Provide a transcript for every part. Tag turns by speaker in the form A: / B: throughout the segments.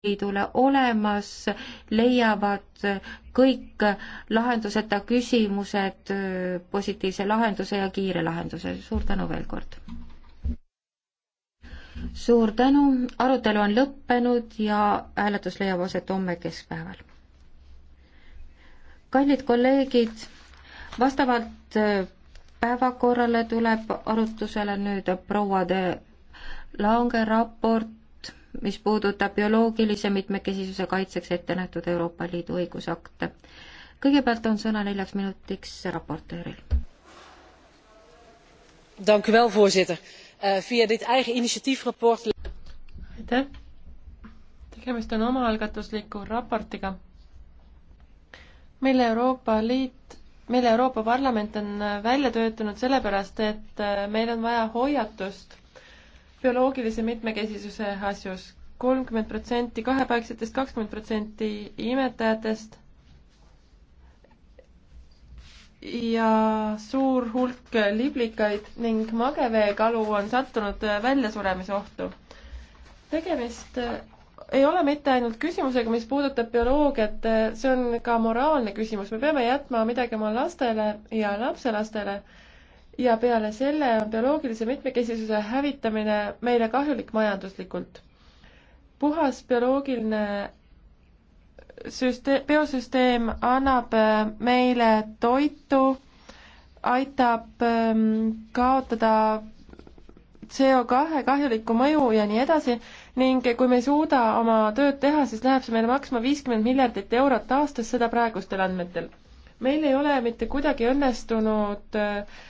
A: Liidule olemas, leiavad kõik lahenduseta küsimused äh, positiivse lahenduse ja kiire lahenduse. suur tänu veel kord! suur tänu, arutelu on lõppenud ja hääletus leiab aset homme keskpäeval. kallid kolleegid, vastavalt äh, päevakorrale tuleb arutusele nüüd proua De Lange raport mis puudutab bioloogilise mitmekesisuse kaitseks ette nähtud Euroopa Liidu õigusakte. kõigepealt on sõna neljaks minutiks raportööril.
B: Eh, aitäh, tegemist on omaalgatusliku raportiga, mille Euroopa Liit mille Euroopa Parlament on välja töötanud sellepärast, et eh, meil on vaja hoiatust bioloogilise mitmekesisuse asjus. kolmkümmend protsenti kahepaiksitest, kakskümmend protsenti imetajatest ja suur hulk liblikaid ning mageveekalu on sattunud väljasuremise ohtu. tegemist ei ole mitte ainult küsimusega, mis puudutab bioloogiat, see on ka moraalne küsimus, me peame jätma midagi oma lastele ja lapselastele ja peale selle on bioloogilise mitmekesisuse hävitamine meile kahjulik majanduslikult. puhas bioloogiline süsteem, biosüsteem annab äh, meile toitu, aitab ähm, kaotada CO kahe kahjulikku mõju ja nii edasi ning kui me ei suuda oma tööd teha, siis läheb see meile maksma viiskümmend miljardit eurot aastas, seda praegustel andmetel. meil ei ole mitte kuidagi õnnestunud äh,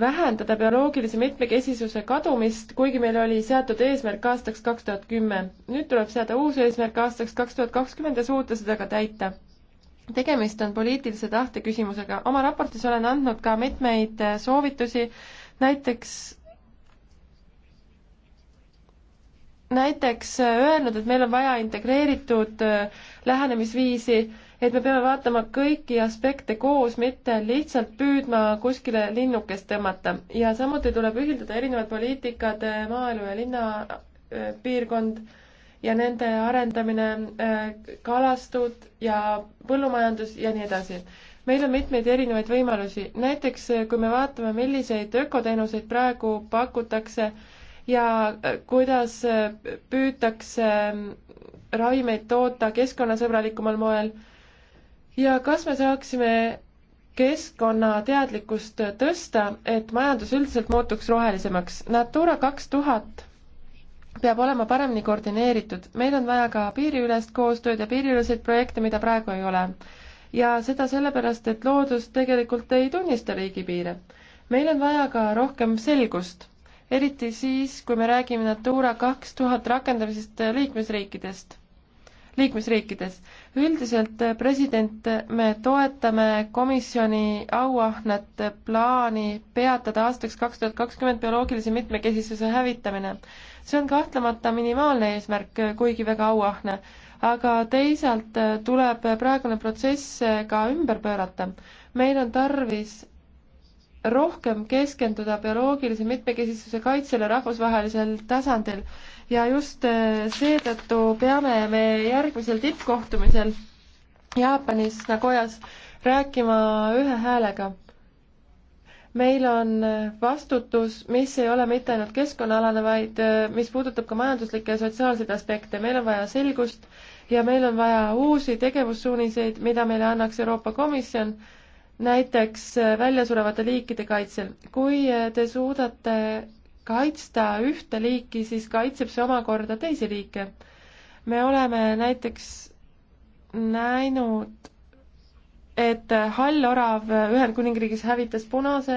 B: vähendada bioloogilise mitmekesisuse kadumist, kuigi meil oli seatud eesmärk aastaks kaks tuhat kümme. nüüd tuleb seada uus eesmärk aastaks kaks tuhat kakskümmend ja suuta seda ka täita. tegemist on poliitilise tahte küsimusega. oma raportis olen andnud ka mitmeid äh, soovitusi, näiteks näiteks äh, öelnud, et meil on vaja integreeritud äh, lähenemisviisi äh, et me peame vaatama kõiki aspekte koos, mitte lihtsalt püüdma kuskile linnukest tõmmata. ja samuti tuleb ühildada erinevad poliitikad, äh, maaelu ja linnapiirkond äh, ja nende arendamine, äh, kalastud ja põllumajandus ja nii edasi meil on mitmeid erinevaid võimalusi, näiteks kui me vaatame, milliseid ökoteenuseid praegu pakutakse ja kuidas püütakse ravimeid toota keskkonnasõbralikumal moel ja kas me saaksime keskkonnateadlikkust tõsta, et majandus üldiselt muutuks rohelisemaks. Natura kaks tuhat peab olema paremini koordineeritud, meil on vaja ka piiriülest koostööd ja piiriüleseid projekte, mida praegu ei ole. ja seda sellepärast, et loodus tegelikult ei tunnista riigipiire. meil on vaja ka rohkem selgust, eriti siis, kui me räägime Natura kaks tuhat rakendamisest liikmesriikidest liikmesriikides üldiselt, eh, president, me toetame komisjoni auahnet plaani peatada aastaks kaks tuhat kakskümmend bioloogilise mitmekesisuse hävitamine. see on kahtlemata minimaalne eesmärk, eh, kuigi väga auahne, aga teisalt eh, tuleb praegune protsess ka ümber pöörata. meil on tarvis rohkem keskenduda bioloogilise mitmekesisuse kaitsele rahvusvahelisel tasandil ja just äh, seetõttu peame me järgmisel tippkohtumisel Jaapanis Nagoyas rääkima ühe häälega. meil on äh, vastutus, mis ei ole mitte ainult keskkonnaalane, vaid äh, mis puudutab ka majanduslikke ja sotsiaalseid aspekte, meil on vaja selgust ja meil on vaja uusi tegevussuuniseid, mida meile annaks Euroopa Komisjon, näiteks väljasurevate liikide kaitsel. kui te suudate kaitsta ühte liiki, siis kaitseb see omakorda teisi liike. me oleme näiteks näinud, et hall orav Ühendkuningriigis hävitas punase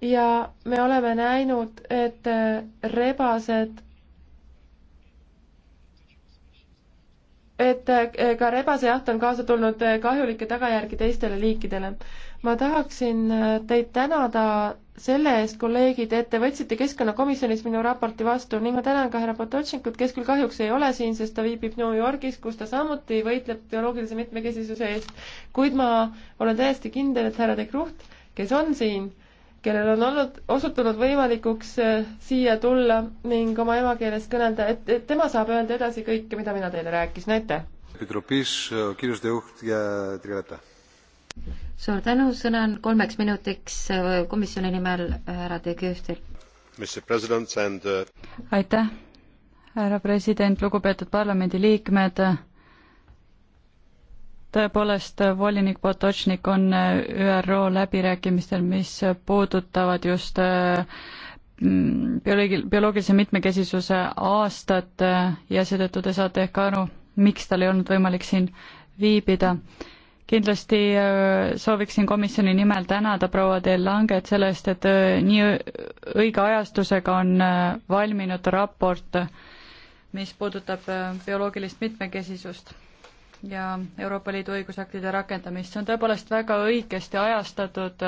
B: ja me oleme näinud, et rebased et ka rebasejaht on kaasa tulnud kahjulikke tagajärgi teistele liikidele. ma tahaksin teid tänada selle eest, kolleegid, et te võtsite Keskkonnakomisjonis minu raporti vastu ning ma tänan ka härra Potočnikut, kes küll kahjuks ei ole siin, sest ta viibib New Yorgis, kus ta samuti võitleb bioloogilise mitmekesisuse eest, kuid ma olen täiesti kindel, et härra de Kruht, kes on siin, kellel on olnud, osutunud võimalikuks äh, siia tulla ning oma emakeeles kõnelda, et, et tema saab öelda edasi kõike, mida mina
C: teile rääkisin, aitäh!
A: suur tänu, sõna on kolmeks minutiks äh, komisjoni nimel äh, härra De Kühtil.
C: And... Äh,
A: aitäh, härra president, lugupeetud parlamendiliikmed.
D: tõepoolest, volinik Potočnik on ÜRO läbirääkimistel, mis puudutavad just mm, bioloogil-, bioloogilise mitmekesisuse aastat ja seetõttu te saate ehk aru, miks tal ei olnud võimalik siin viibida kindlasti äh, sooviksin komisjoni nimel tänada proua De Langet selle eest, et äh, nii õige ajastusega on äh, valminud raport, mis puudutab bioloogilist mitmekesisust ja Euroopa Liidu õigusaktide rakendamist. see on tõepoolest väga õigesti ajastatud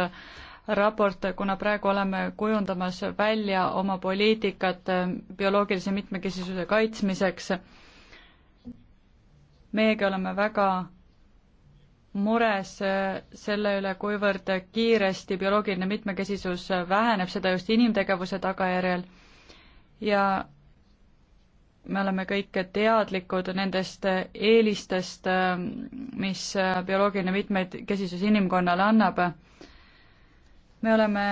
D: raport, kuna praegu oleme kujundamas välja oma poliitikat bioloogilise mitmekesisuse kaitsmiseks. meiegi oleme väga mures äh, selle üle, kuivõrd kiiresti bioloogiline mitmekesisus väheneb, seda just inimtegevuse tagajärjel ja me oleme kõik teadlikud nendest eelistest, äh, mis bioloogiline mitmekesisus inimkonnale annab. me oleme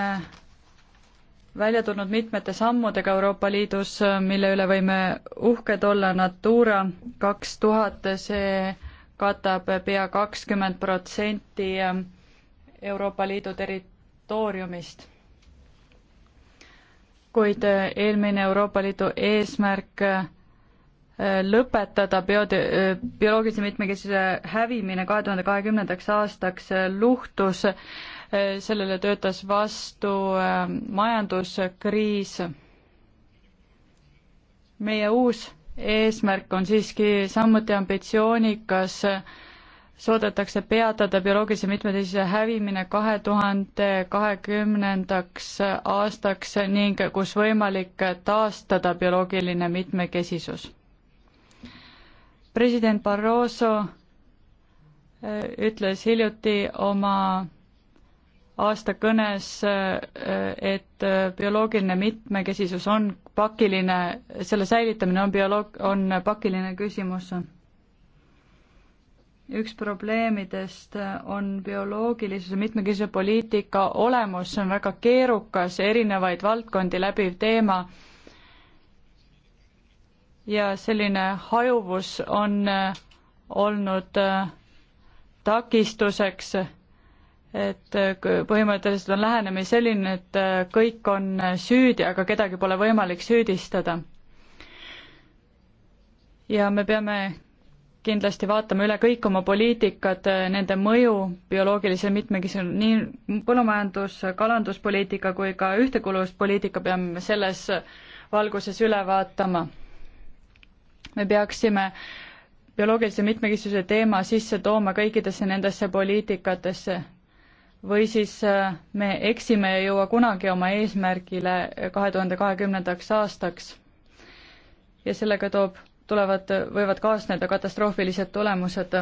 D: välja tulnud mitmete sammudega Euroopa Liidus, mille üle võime uhked olla, Natura kaks tuhat, see katab pea kakskümmend protsenti Euroopa Liidu territooriumist. kuid eelmine Euroopa Liidu eesmärk äh, lõpetada biode-, bioloogilise mitmekesise hävimine kahe tuhande kahekümnendaks aastaks äh, luhtus, äh, sellele töötas vastu majanduskriis. meie uus eesmärk on siiski samuti ambitsioonikas, soodetakse peatada bioloogilise mitmekesise hävimine kahe tuhande kahekümnendaks aastaks ning kus võimalik taastada bioloogiline mitmekesisus. president Barroso äh, ütles hiljuti oma aastakõnes, et bioloogiline mitmekesisus on pakiline, selle säilitamine on bioloog-, on pakiline küsimus. üks probleemidest on bioloogilisuse mitmekesisuse poliitika olemus, see on väga keerukas, erinevaid valdkondi läbiv teema ja selline hajuvus on olnud takistuseks et äh, põhimõtteliselt on lähenemine selline, et äh, kõik on süüdi, aga kedagi pole võimalik süüdistada. ja me peame kindlasti vaatame üle kõik oma poliitikad, äh, nende mõju bioloogilisele mitmekesisele, nii põllumajandus, kalanduspoliitika kui ka ühtekuuluvuspoliitika peame selles valguses üle vaatama. me peaksime bioloogilise mitmekesisuse teema sisse tooma kõikidesse nendesse poliitikatesse, või siis äh, me eksime ja ei jõua kunagi oma eesmärgile kahe tuhande kahekümnendaks aastaks. ja sellega toob, tulevad, võivad kaasneda katastroofilised tulemused.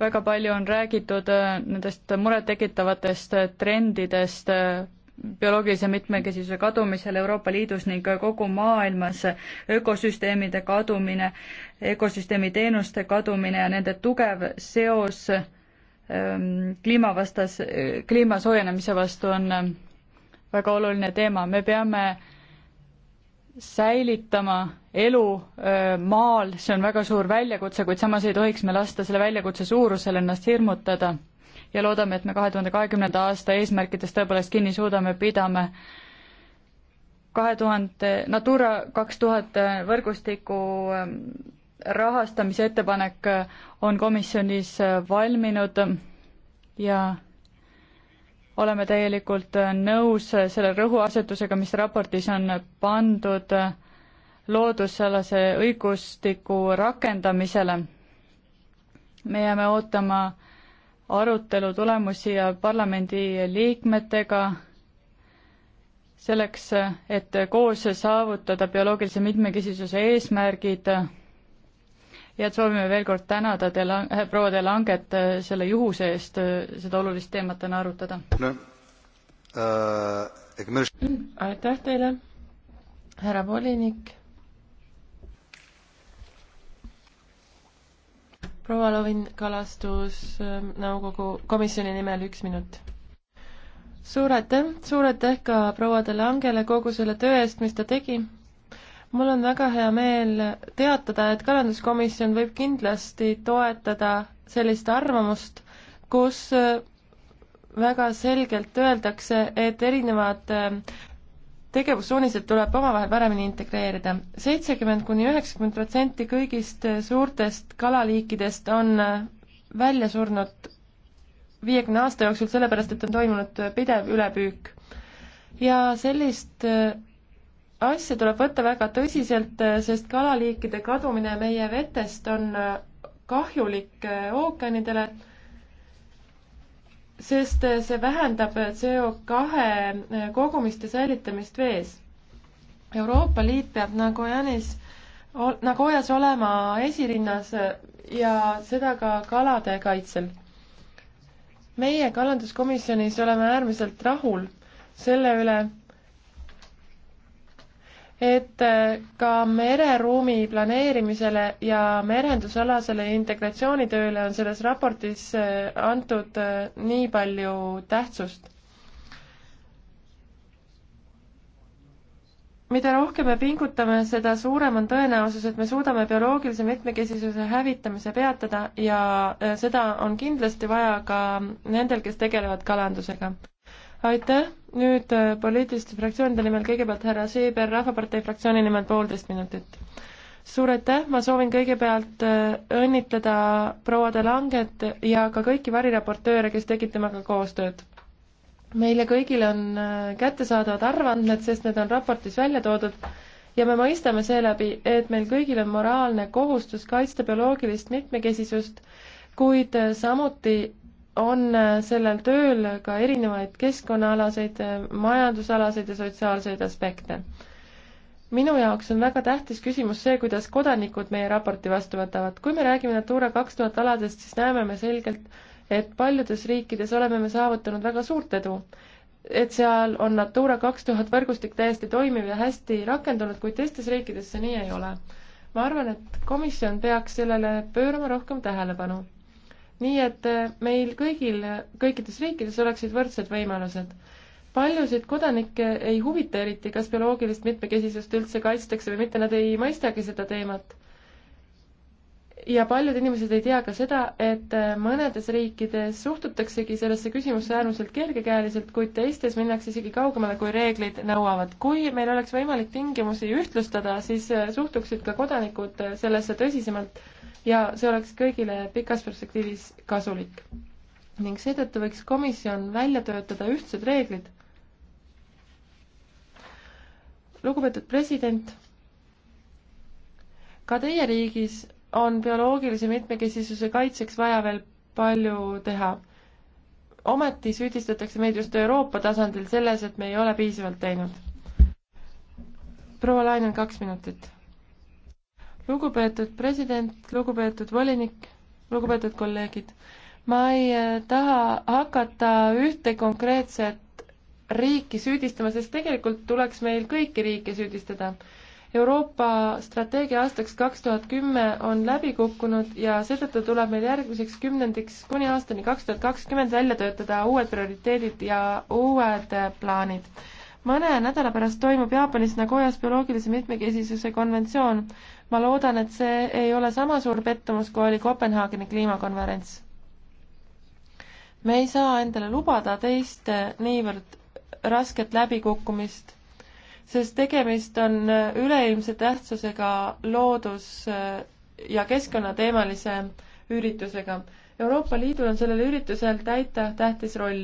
D: väga palju on räägitud äh, nendest murettekitavatest äh, trendidest bioloogilise mitmekesisuse kadumisel Euroopa Liidus ning kogu maailmas, ökosüsteemide kadumine, ökosüsteemi teenuste kadumine ja nende tugev seos Ehm, kliimavastas, kliima soojenemise vastu on ehm, väga oluline teema, me peame säilitama elu ehm, maal, see on väga suur väljakutse, kuid samas ei tohiks me lasta selle väljakutse suurusel ennast hirmutada. ja loodame, et me kahe tuhande kahekümnenda aasta eesmärkidest tõepoolest kinni suudame, pidame kahe tuhande, Natura kaks tuhat võrgustiku rahastamise ettepanek on komisjonis valminud ja oleme täielikult nõus selle rõhuasetusega, mis raportis on pandud loodusalase õigustiku rakendamisele. me jääme ootama arutelu tulemusi ja parlamendi liikmetega selleks, et koos saavutada bioloogilise mitmekesisuse eesmärgid ja et soovime veel kord tänada te lang-, äh, proua De Langet äh, selle juhuse eest äh, seda olulist teemat täna arutada. aitäh teile, härra volinik.
B: proua Lovin, kalastusnõukogu komisjoni nimel üks minut suur aitäh, suur aitäh ka proua De Langele kogu selle töö eest, mis ta tegi mul on väga hea meel teatada, et kalanduskomisjon võib kindlasti toetada sellist arvamust, kus äh, väga selgelt öeldakse, et erinevad äh, tegevussuunised tuleb omavahel paremini integreerida. seitsekümmend kuni üheksakümmend protsenti kõigist äh, suurtest kalaliikidest on välja surnud viiekümne aasta jooksul, sellepärast et on toimunud pidev ülepüük. ja sellist asja tuleb võtta väga tõsiselt, sest kalaliikide kadumine meie vetest on äh, kahjulik äh, ookeanidele, sest äh, see vähendab CO2 kogumist ja säilitamist vees. Euroopa Liit peab nagu Janis, nagu ojas olema esirinnas ja seda ka kalade kaitsel. meie kalanduskomisjonis oleme äärmiselt rahul selle üle, et äh, ka mereruumi planeerimisele ja merendusalasele integratsioonitööle on selles raportis äh, antud äh, nii palju tähtsust. mida rohkem me pingutame, seda suurem on tõenäosus, et me suudame bioloogilise mitmekesisuse hävitamise peatada ja seda on kindlasti vaja ka nendel, kes tegelevad kalandusega. aitäh! nüüd äh, poliitiliste fraktsioonide nimel kõigepealt härra Seeber, Rahvapartei fraktsiooni nimel poolteist minutit. suur aitäh, ma soovin kõigepealt äh, õnnitleda proua De Langet ja ka kõiki variraportööre, kes tegid temaga koostööd. meile kõigile on äh, kättesaadavad arvandmed, sest need on raportis välja toodud ja me mõistame seeläbi, et meil kõigil on moraalne kohustus kaitsta bioloogilist mitmekesisust, kuid samuti on äh, sellel tööl ka erinevaid keskkonnaalaseid, äh, majandusalaseid ja sotsiaalseid aspekte. minu jaoks on väga tähtis küsimus see, kuidas kodanikud meie raporti vastu võtavad. kui me räägime Natura kaks tuhat aladest, siis näeme me selgelt, et paljudes riikides oleme me saavutanud väga suurt edu. et seal on Natura kaks tuhat võrgustik täiesti toimiv ja hästi rakendunud, kuid teistes riikides see nii ei ole. ma arvan, et komisjon peaks sellele pöörama rohkem tähelepanu nii et äh, meil kõigil, kõikides riikides oleksid võrdsed võimalused. paljusid kodanikke ei huvita eriti, kas bioloogilist mitmekesisust üldse kaitstakse või mitte, nad ei mõistagi seda teemat. ja paljud inimesed ei tea ka seda, et äh, mõnedes riikides suhtutaksegi sellesse küsimusse äärmiselt kergekäeliselt, kuid teistes minnakse isegi kaugemale, kui reeglid nõuavad. kui meil oleks võimalik tingimusi ühtlustada, siis äh, suhtuksid ka kodanikud sellesse tõsisemalt ja see oleks kõigile pikas perspektiivis kasulik. ning seetõttu võiks komisjon välja töötada ühtsed reeglid. lugupeetud president, ka teie riigis on bioloogilise mitmekesisuse kaitseks vaja veel palju teha. ometi süüdistatakse meid just Euroopa tasandil selles, et me ei ole piisavalt teinud. proua Laine, kaks minutit lugupeetud president, lugupeetud volinik, lugupeetud kolleegid, ma ei äh, taha hakata ühte konkreetset riiki süüdistama, sest tegelikult tuleks meil kõiki riike süüdistada Euroopa strateegia aastaks kaks tuhat kümme on läbi kukkunud ja seetõttu tuleb meil järgmiseks kümnendiks kuni aastani kaks tuhat kakskümmend välja töötada uued prioriteedid ja uued äh, plaanid. mõne nädala pärast toimub Jaapanis Nagoyas bioloogilise mitmekesisuse konventsioon, ma loodan, et see ei ole sama suur pettumus, kui oli Kopenhaageni kliimakonverents. me ei saa endale lubada teist niivõrd rasket läbikukkumist, sest tegemist on üleilmse tähtsusega loodus- ja keskkonnateemalise üritusega. Euroopa Liidul on sellel üritusel täita tähtis roll.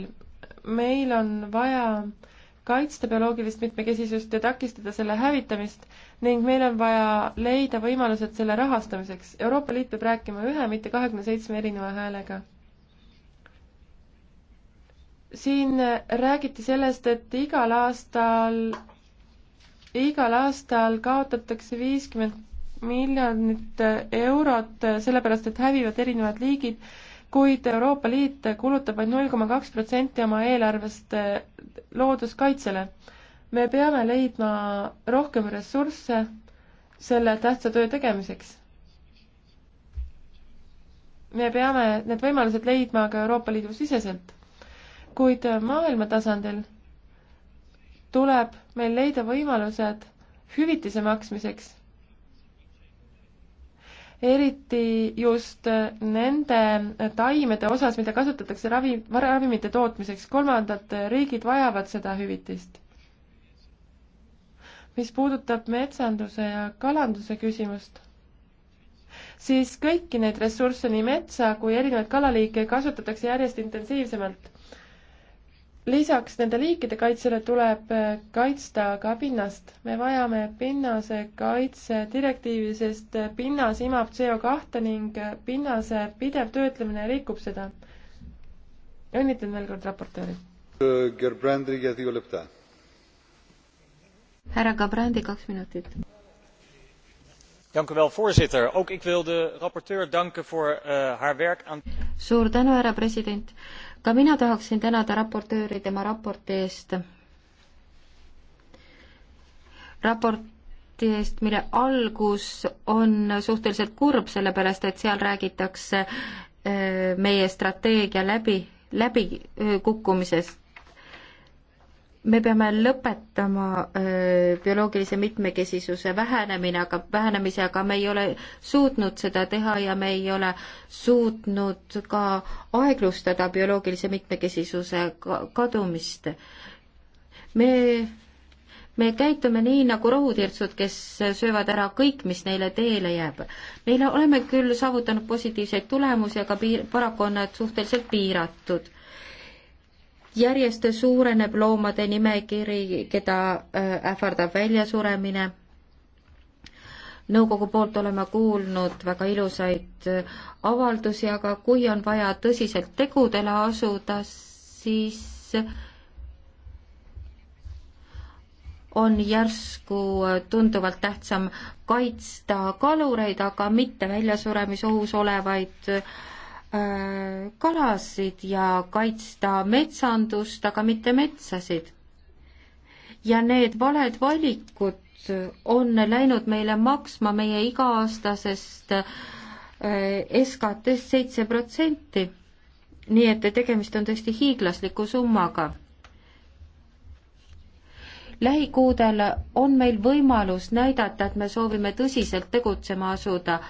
B: meil on vaja äh, kaitsta bioloogilist mitmekesisust ja takistada selle hävitamist ning meil on vaja leida võimalused selle rahastamiseks. Euroopa Liit peab rääkima ühe, mitte kahekümne seitsme erineva häälega. siin räägiti sellest, et igal aastal, igal aastal kaotatakse viiskümmend miljonit eurot, sellepärast et hävivad erinevad liigid, kuid Euroopa Liit kulutab vaid null koma kaks protsenti oma eelarvest looduskaitsele. me peame leidma rohkem ressursse selle tähtsa töö tegemiseks. me peame need võimalused leidma ka Euroopa Liidu siseselt, kuid maailma tasandil tuleb meil leida võimalused hüvitise maksmiseks eriti just nende taimede osas, mida kasutatakse ravi, ravimite tootmiseks. kolmandad riigid vajavad seda hüvitist. mis puudutab metsanduse ja kalanduse küsimust, siis kõiki neid ressursse, nii metsa kui erinevaid kalaliike kasutatakse järjest intensiivsemalt lisaks nende liikide kaitsele tuleb äh, kaitsta ka pinnast. me vajame pinnase kaitse direktiivi, sest äh, pinnas imab CO kahte ning äh, pinnase pidev töötlemine rikub seda. õnnitlen
A: veel kord raportööri. härra Gabrandi, kaks minutit.
C: Dank u wel, voorzitter. Ook ik wil de rapporteur danken voor uh, haar werk aan.
A: Suur tänu, härra president. Uh, ka mina tahaksin tänada raportööri tema raporti eest, raporti eest, mille algus on suhteliselt kurb, sellepärast et seal räägitakse äh, meie strateegia läbi, läbikukkumisest äh, me peame lõpetama öö, bioloogilise mitmekesisuse vähenemine, aga vähenemise, aga me ei ole suutnud seda teha ja me ei ole suutnud ka aeglustada bioloogilise mitmekesisuse kadumist. me, me käitume nii nagu rohutirtsud, kes söövad ära kõik, mis neile teele jääb. Neile oleme küll saavutanud positiivseid tulemusi, aga piir, paraku on nad suhteliselt piiratud järjest suureneb loomade nimekiri, keda äh, ähvardab väljasuremine. nõukogu poolt oleme kuulnud väga ilusaid äh, avaldusi, aga kui on vaja tõsiselt tegudele asuda, siis on järsku äh, tunduvalt tähtsam kaitsta kalureid, aga mitte väljasuremisohus olevaid äh, Äh, kalasid ja kaitsta metsandust, aga mitte metsasid. ja need valed valikud on läinud meile maksma meie iga-aastasest äh, SKT-st seitse protsenti. nii et tegemist on tõesti hiiglasliku summaga. lähikuudel on meil võimalus näidata, et me soovime tõsiselt tegutsema asuda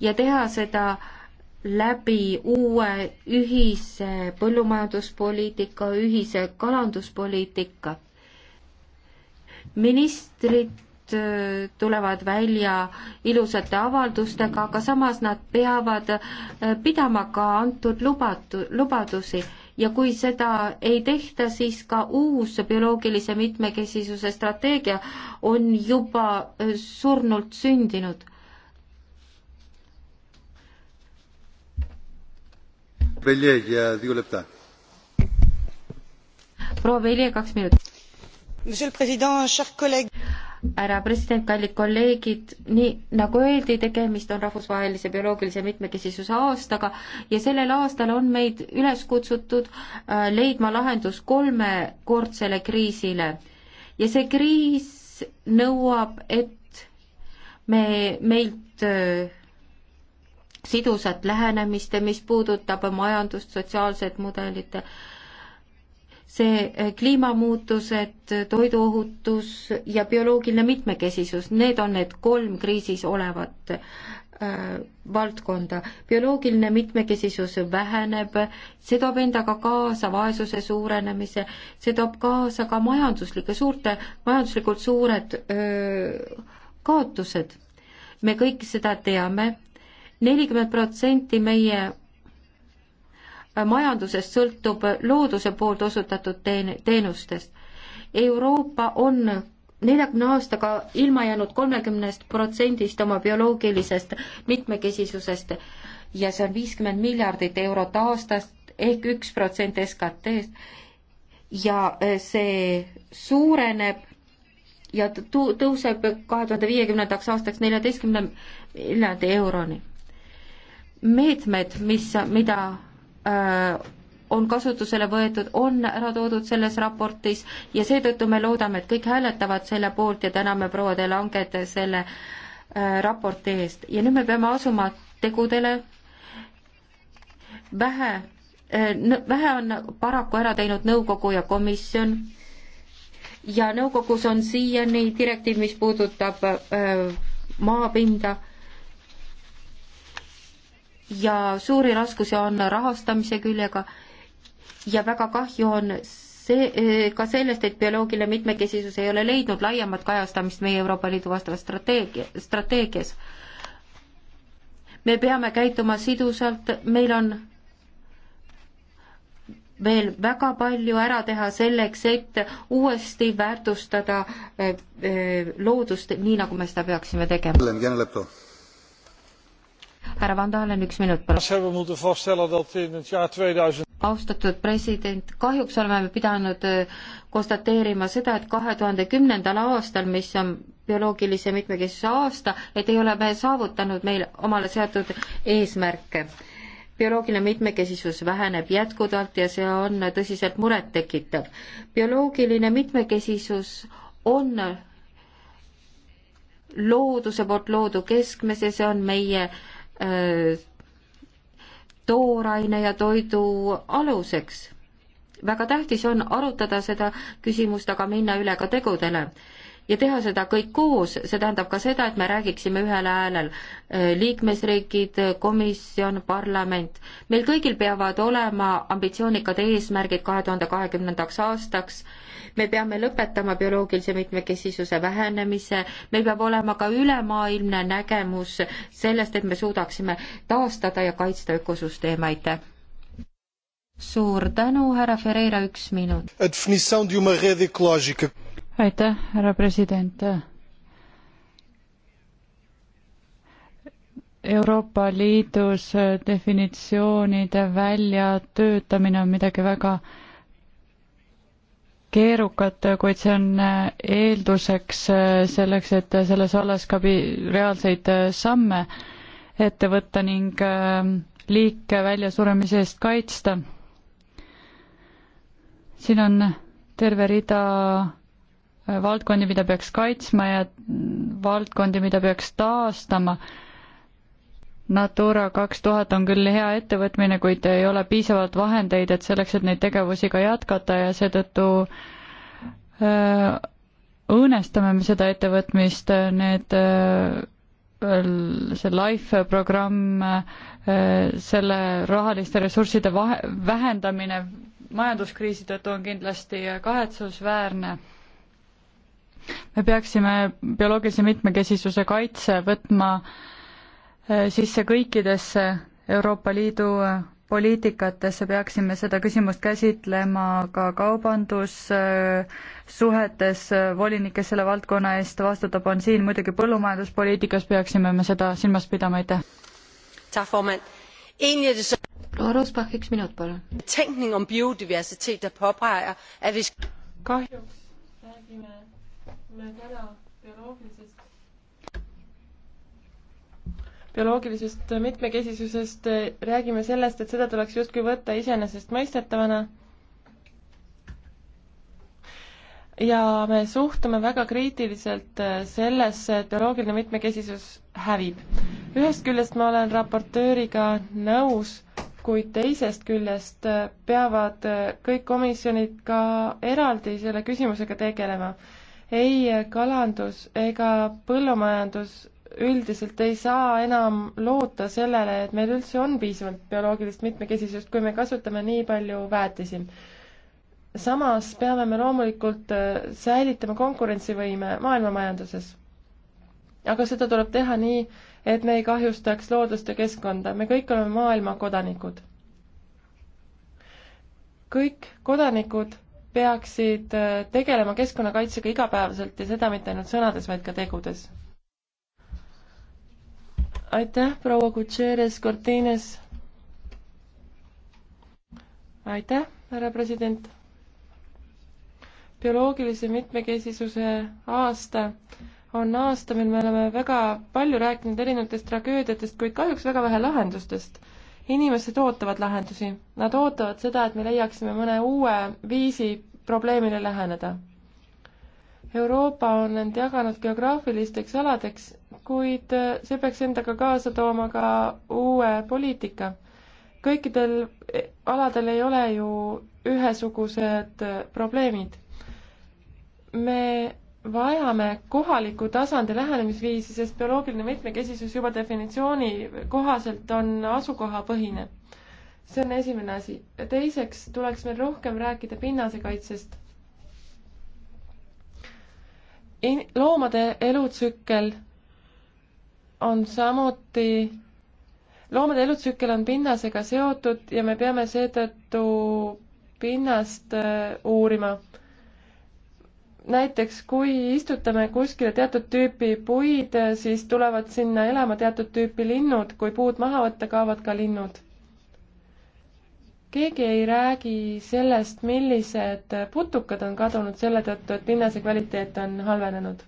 A: ja teha seda äh, läbi uue ühise põllumajanduspoliitika, ühise kalanduspoliitika. ministrid äh, tulevad välja ilusate avaldustega, aga samas nad peavad äh, pidama ka antud lubatu-, lubadusi ja kui seda ei tehta, siis ka uus bioloogilise mitmekesisuse strateegia on juba äh, surnult sündinud
C: proua
A: Velje, kaks minutit. härra president, kallid kolleegid, nii nagu öeldi, tegemist on rahvusvahelise bioloogilise mitmekesisuse aastaga ja sellel aastal on meid üles kutsutud äh, leidma lahendus kolmekordsele kriisile. ja see kriis nõuab, et me, meilt äh, sidusat lähenemist, mis puudutab majandust, sotsiaalset mudelit, see eh, kliimamuutused, toiduohutus ja bioloogiline mitmekesisus, need on need kolm kriisis olevat eh, valdkonda. bioloogiline mitmekesisus väheneb, see toob endaga kaasa vaesuse suurenemise, see toob kaasa ka majanduslike suurte, majanduslikult suured öö, eh, kaotused. me kõik seda teame nelikümmend protsenti meie äh, majandusest sõltub looduse poolt osutatud teen-, teenustest. Euroopa on neljakümne aastaga ilma jäänud kolmekümnest protsendist oma bioloogilisest mitmekesisusest ja see on viiskümmend miljardit eurot aastast ehk üks protsent SKT-st ja äh, see suureneb ja tõuseb kahe tuhande viiekümnendaks aastaks neljateistkümne miljardi euroni meetmed, mis, mida öö, äh, on kasutusele võetud, on ära toodud selles raportis ja seetõttu me loodame, et kõik hääletavad selle poolt ja täname proua De Langet selle öö, äh, raporti eest. ja nüüd me peame asuma tegudele. vähe, äh, vähe on paraku ära teinud nõukogu ja komisjon ja nõukogus on siiani direktiiv, mis puudutab öö, maapinda ja suuri raskusi on rahastamise küljega ja väga kahju on see, eh, ka sellest, et bioloogiline mitmekesisus ei ole leidnud laiemat kajastamist meie Euroopa Liidu vastavas strateegia, strateegias. me peame käituma sidusalt, meil on veel väga palju ära teha selleks, et uuesti väärtustada eh, eh, loodust nii, nagu me seda peaksime
C: tegema
A: härra Van Dalen, üks minut palun. austatud president, kahjuks oleme pidanud eh, konstateerima seda, et kahe tuhande kümnendal aastal, mis on bioloogilise mitmekesisuse aasta, et ei ole me saavutanud meil omale seatud eesmärke. bioloogiline mitmekesisus väheneb jätkuvalt ja see on tõsiselt murettekitav. bioloogiline mitmekesisus on looduse poolt loodu keskmes ja see on meie äh, Äh, tooraine ja toidu aluseks. väga tähtis on arutada seda küsimust, aga minna üle ka tegudele ja teha seda kõik koos, see tähendab ka seda, et me räägiksime ühel häälel. Äh, liikmesriigid, komisjon, parlament, meil kõigil peavad olema ambitsioonikad eesmärgid kahe tuhande kahekümnendaks aastaks me peame lõpetama bioloogilise mitmekesisuse vähenemise, meil peab olema ka ülemaailmne nägemus sellest, et me suudaksime taastada ja kaitsta ökosüsteeme, aitäh! suur tänu, härra Ferreira, üks minut. aitäh, härra president
D: Euroopa Liidus definitsioonide väljatöötamine on midagi väga keerukad, kuid see on äh, eelduseks äh, selleks, et äh, selles vallas ka reaalseid samme ette võtta ning liike väljasuremise eest kaitsta. siin on terve rida valdkondi, mida peaks kaitsma ja mm, valdkondi, mida peaks taastama Natura kaks tuhat on küll hea ettevõtmine, kuid ei ole piisavalt vahendeid, et selleks, et neid tegevusi ka jätkata ja seetõttu äh, õõnestame me seda ettevõtmist, need äh, see LIFE programm, äh, selle rahaliste ressursside vahe, vähendamine majanduskriisi tõttu on kindlasti kahetsusväärne me peaksime bioloogilise mitmekesisuse kaitse võtma Äh, sisse kõikidesse Euroopa Liidu äh, poliitikatesse, peaksime seda küsimust käsitlema ka kaubandussuhetes, äh, volinik, kes selle valdkonna eest vastutab, on siin, muidugi põllumajanduspoliitikas peaksime me seda silmas pidama, aitäh.
A: proua er Rosbach, üks minut, palun. kahjuks
B: räägime me täna bioloogilise bioloogilisest mitmekesisusest, räägime sellest, et seda tuleks justkui võtta iseenesestmõistetavana. ja me suhtume väga kriitiliselt äh, sellesse, et bioloogiline mitmekesisus hävib. ühest küljest ma olen raportööriga nõus, kuid teisest küljest äh, peavad äh, kõik komisjonid ka eraldi selle küsimusega tegelema. ei kalandus ega põllumajandus üldiselt ei saa enam loota sellele, et meil üldse on piisavalt bioloogilist mitmekesisust, kui me kasutame nii palju väetisi. samas peame me loomulikult äh, säilitama konkurentsivõime maailmamajanduses. aga seda tuleb teha nii, et me ei kahjustaks loodust ja keskkonda, me kõik oleme maailma kodanikud. kõik kodanikud peaksid äh, tegelema keskkonnakaitsega igapäevaselt ja seda mitte ainult sõnades, vaid ka tegudes aitäh, proua Gutierrez Cortines. aitäh, härra president. bioloogilise mitmekesisuse aasta on aasta, mil me oleme väga palju rääkinud erinevatest tragöödiatest, kuid kahjuks väga vähe lahendustest. inimesed ootavad lahendusi, nad ootavad seda, et me leiaksime mõne uue viisi probleemile läheneda. Euroopa on end jaganud geograafilisteks aladeks kuid äh, see peaks endaga kaasa tooma ka uue poliitika. kõikidel e, aladel ei ole ju ühesugused äh, probleemid. me vajame kohaliku tasandi lähenemisviisi, sest bioloogiline mitmekesisus juba definitsiooni kohaselt on asukohapõhine. see on esimene asi. teiseks tuleks meil rohkem rääkida pinnasekaitsest. loomade elutsükkel on samuti, loomade elutsükkel on pinnasega seotud ja me peame seetõttu pinnast äh, uurima. näiteks kui istutame kuskile teatud tüüpi puid, äh, siis tulevad sinna elama teatud tüüpi linnud, kui puud maha võtta, kaovad ka linnud. keegi ei räägi sellest, millised putukad on kadunud selle tõttu, et pinnase kvaliteet on halvenenud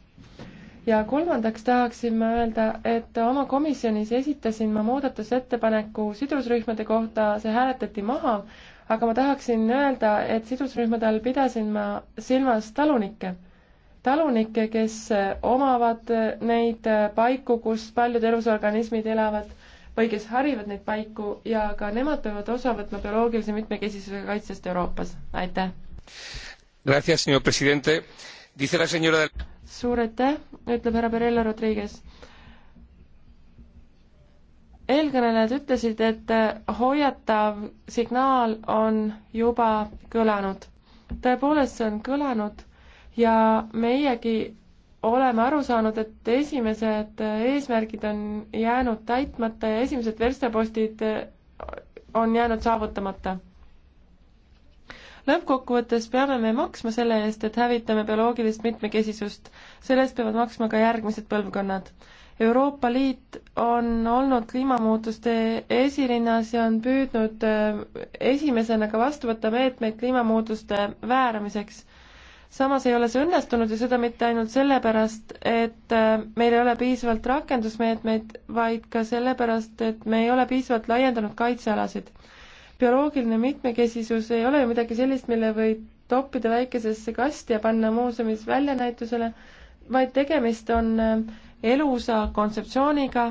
B: ja kolmandaks tahaksin ma öelda, et oma komisjonis esitasin ma muudatusettepaneku sidusrühmade kohta, see hääletati maha, aga ma tahaksin öelda, et sidusrühmade all pidasin ma silmas talunikke. talunikke, kes omavad neid paiku, kus paljud elusorganismid elavad või kes harivad neid paiku ja ka nemad peavad osa võtma bioloogilise mitmekesisuse kaitsest Euroopas. aitäh!
C: Gracias, señor presidente. Dice la señora del
B: suur aitäh, ütleb härra Perella Rodriguez. eelkõnelejad ütlesid, et hoiatav signaal on juba kõlanud. tõepoolest, see on kõlanud ja meiegi oleme aru saanud, et esimesed eesmärgid on jäänud täitmata ja esimesed verstapostid on jäänud saavutamata lõppkokkuvõttes peame me maksma selle eest, et hävitame bioloogilist mitmekesisust. selle eest peavad maksma ka järgmised põlvkonnad. Euroopa Liit on olnud kliimamuutuste esirinnas ja on püüdnud äh, esimesena ka vastu võtta meetmeid kliimamuutuste vääramiseks samas ei ole see õnnestunud ja seda mitte ainult sellepärast, et äh, meil ei ole piisavalt rakendusmeetmeid, vaid ka sellepärast, et me ei ole piisavalt laiendanud kaitsealasid bioloogiline mitmekesisus ei ole ju midagi sellist, mille võib toppida väikesesse kasti ja panna muuseumis väljanäitusele, vaid tegemist on äh, elusa kontseptsiooniga.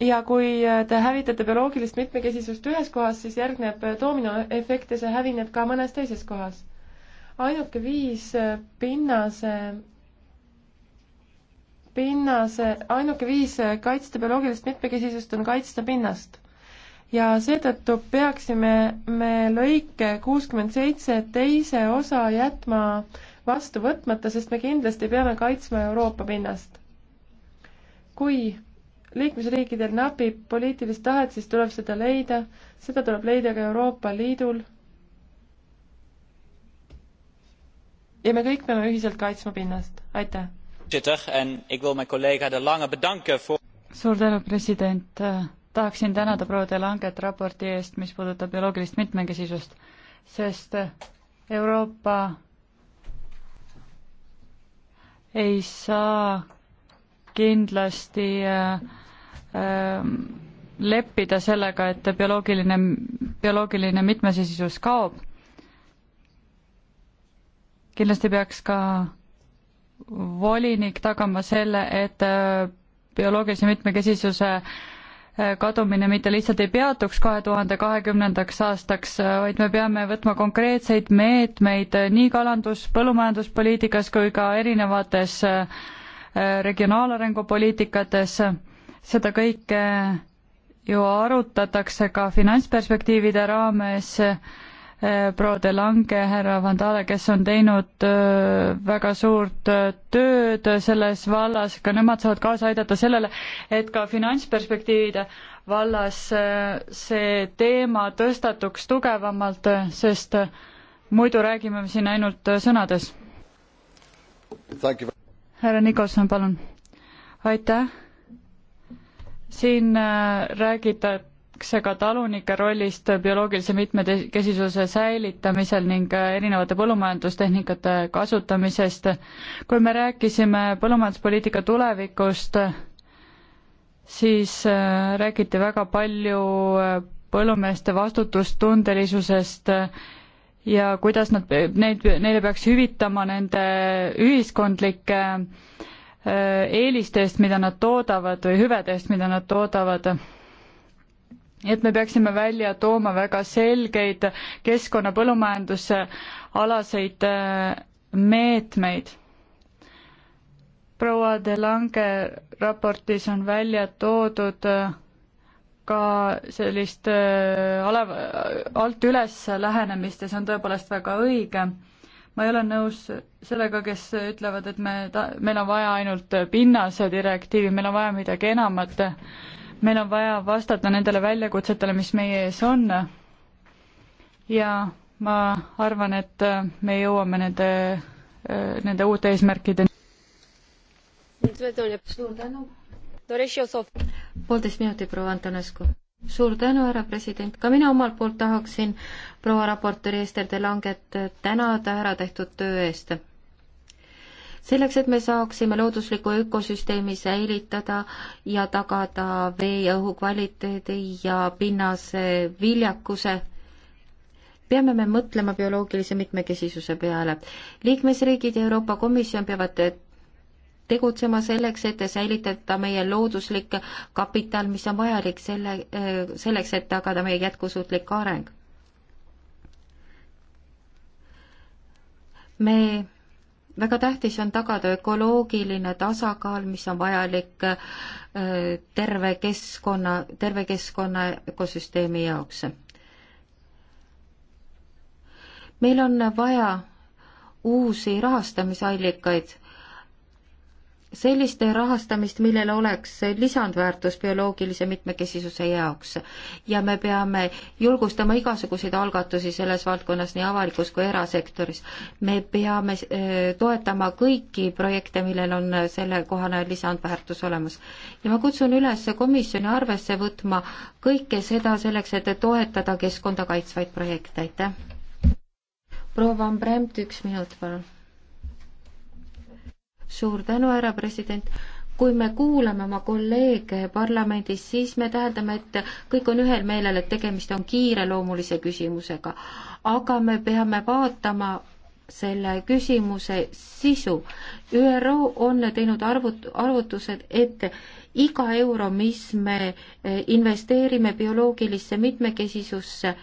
B: ja kui äh, te hävitate bioloogilist mitmekesisust ühes kohas, siis järgneb äh, dominoefekt ja see hävineb ka mõnes teises kohas. ainuke viis pinnase pinnase, ainuke viis kaitsta bioloogilist mitmekesisust on kaitsta pinnast ja seetõttu peaksime me lõike kuuskümmend seitse teise osa jätma vastu võtmata, sest me kindlasti peame kaitsma Euroopa pinnast. kui liikmesriikidel napib poliitilist tahet, siis tuleb seda leida, seda tuleb leida ka Euroopa Liidul. ja me kõik peame ühiselt
D: kaitsma pinnast, aitäh. suur tänu, president tahaksin tänada proua De Langet raporti eest, mis puudutab bioloogilist mitmekesisust, sest Euroopa ei saa kindlasti äh, äh, leppida sellega, et bioloogiline, bioloogiline mitmesisisus kaob. kindlasti peaks ka volinik tagama selle, et äh, bioloogilise mitmekesisuse äh, kadumine mitte lihtsalt ei peatuks kahe tuhande kahekümnendaks aastaks, vaid me peame võtma konkreetseid meetmeid nii kalandus, põllumajanduspoliitikas kui ka erinevates äh, regionaalarengu poliitikates. seda kõike ju arutatakse ka finantsperspektiivide raames Äh, proua De Lange, härra Vandale, kes on teinud äh, väga suurt äh, tööd selles vallas, ka nemad saavad kaasa aidata sellele, et ka finantsperspektiivide vallas see teema tõstatuks tugevamalt, sest muidu räägime me siin ainult sõnades. härra Nikolson, palun. aitäh. siin räägite, et räägitakse ka talunike rollist bioloogilise mitmekesisuse säilitamisel ning äh, erinevate põllumajandustehnikate kasutamisest. kui me rääkisime põllumajanduspoliitika tulevikust, siis äh, räägiti väga palju äh, põllumeeste vastutustundelisusest ja kuidas nad, neid, neile peaks hüvitama nende ühiskondlike eeliste eest, mida nad toodavad või hüvede eest, mida nad toodavad et me peaksime välja tooma väga selgeid keskkonna põllumajanduse alaseid äh, meetmeid. proua De Lange raportis on välja toodud äh, ka sellist äh, ale-, alt üles lähenemist ja see on tõepoolest väga õige. ma ei ole nõus sellega, kes ütlevad, et me ta-, meil on vaja ainult pinnase direktiivi, meil on vaja midagi enamat meil on vaja vastata nendele väljakutsetele, mis meie ees on. ja ma arvan, et me jõuame nende, nende uute
A: eesmärkideni. suur tänu. poolteist minutit, proua Antonescu. suur tänu, härra president, ka mina omalt poolt tahaksin proua raportööri Ester de Langet tänada ära tehtud töö eest selleks, et me saaksime looduslikku ökosüsteemi säilitada ja tagada vee ja õhu kvaliteedi ja pinnase viljakuse, peame me mõtlema bioloogilise mitmekesisuse peale. liikmesriigid ja Euroopa Komisjon peavad tegutsema selleks, et säilitada meie looduslik kapital, mis on vajalik selle, selleks, et tagada meie jätkusuutlik areng. me väga tähtis on tagada ökoloogiline tasakaal, mis on vajalik äh, terve keskkonna, terve keskkonna ökosüsteemi jaoks. meil on vaja uusi rahastamisallikaid sellist rahastamist, millel oleks lisandväärtus bioloogilise mitmekesisuse jaoks. ja me peame julgustama igasuguseid algatusi selles valdkonnas nii avalikus kui erasektoris. me peame äh, toetama kõiki projekte, millel on sellekohane lisandväärtus olemas. ja ma kutsun üles komisjoni arvesse võtma kõike seda selleks, et toetada keskkonda kaitsvaid projekte, aitäh! proua Van Bremt, üks minut, palun suur tänu, härra president. kui me kuulame oma kolleege parlamendis, siis me täheldame, et kõik on ühel meelel, et tegemist on kiireloomulise küsimusega. aga me peame vaatama selle küsimuse sisu. ÜRO on teinud arvut-, arvutused, et iga euro, mis me eh, investeerime bioloogilisse mitmekesisusse,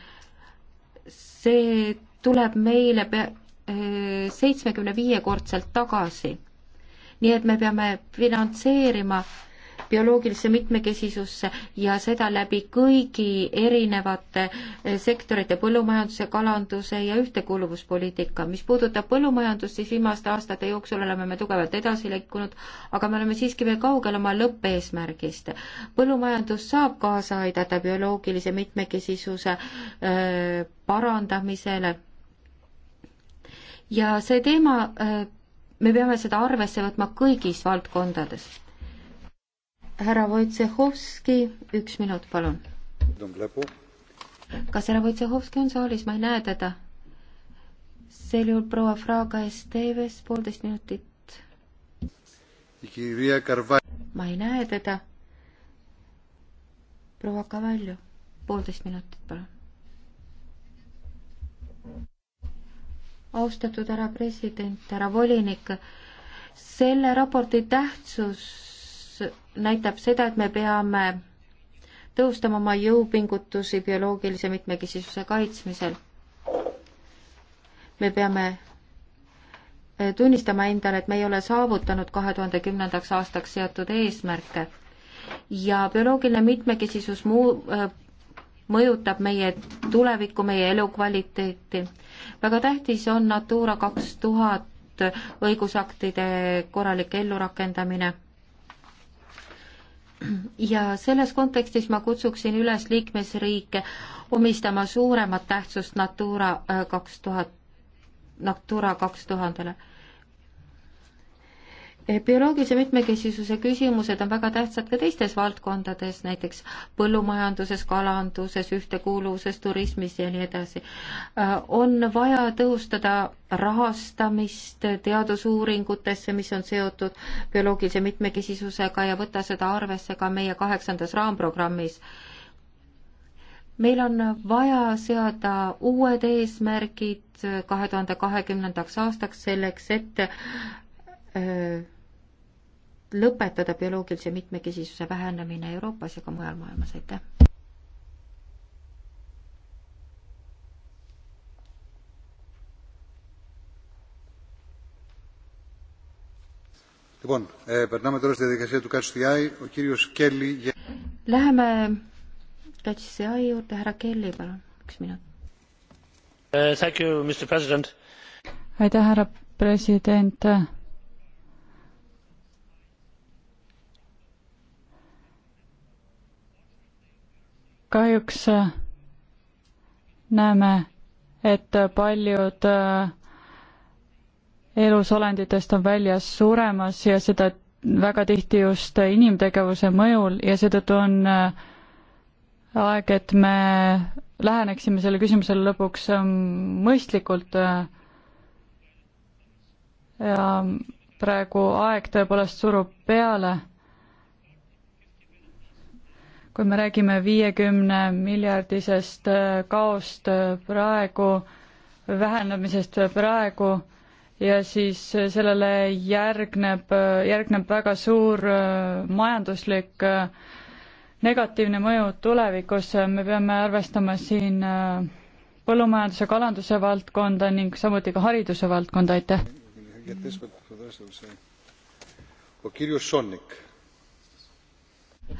A: see tuleb meile pea-, eh, seitsmekümne viiekordselt tagasi nii et me peame finantseerima bioloogilisse mitmekesisusse ja seda läbi kõigi erinevate eh, sektorite, põllumajanduse, kalanduse ja ühtekuuluvuspoliitika. mis puudutab põllumajandust, siis viimaste aastate jooksul oleme me tugevalt edasi liikunud, aga me oleme siiski veel kaugel oma lõppeesmärgist. põllumajandus saab kaasa aidata bioloogilise mitmekesisuse öö, eh, parandamisele ja see teema öö, eh, me peame seda arvesse võtma kõigis valdkondades. härra Wojciechowski, üks minut, palun. kas härra Wojciechowski on saalis, ma ei näe teda. sel juhul proua Fraga STV-s poolteist minutit. ma ei näe teda. proua Cavallo, poolteist minutit, palun austatud härra president, härra volinik, selle raporti tähtsus näitab seda, et me peame tõhustama oma jõupingutusi bioloogilise mitmekesisuse kaitsmisel. me peame eh, tunnistama endale, et me ei ole saavutanud kahe tuhande kümnendaks aastaks seatud eesmärke ja bioloogiline mitmekesisus muu, eh, mõjutab meie tulevikku, meie elukvaliteeti. väga tähtis on Natura kaks tuhat õigusaktide korralik ellurakendamine. ja selles kontekstis ma kutsuksin üles liikmesriike omistama suuremat tähtsust Natura äh, kaks tuhat, Natura kaks tuhandele bioloogilise mitmekesisuse küsimused on väga tähtsad ka teistes valdkondades, näiteks põllumajanduses, kalanduses, ühtekuuluvuses, turismis ja nii edasi. Äh, on vaja tõhustada rahastamist teadusuuringutesse, mis on seotud bioloogilise mitmekesisusega ja võtta seda arvesse ka meie kaheksandas raamprogrammis meil on vaja seada uued eesmärgid kahe tuhande kahekümnendaks aastaks selleks, et öö, äh, lõpetada bioloogilise mitmekesisuse vähenemine Euroopas ja ka mujal maailmas, aitäh! Läheme KCI juurde, härra Kelly, palun, üks minut. Uh, aitäh, härra president
D: kahjuks äh, näeme, et paljud äh, elusolenditest on väljas suremas ja seda väga tihti just inimtegevuse mõjul ja seetõttu on äh, aeg, et me läheneksime selle küsimusele lõpuks mõistlikult. ja praegu aeg tõepoolest surub peale kui me räägime viiekümne miljardisest äh, kaost äh, praegu, vähenemisest äh, praegu ja siis sellele järgneb, järgneb väga suur majanduslik negatiivne mõju tulevikus, me peame arvestama siin põllumajanduse, kalanduse valdkonda ning samuti ka hariduse valdkonda, aitäh.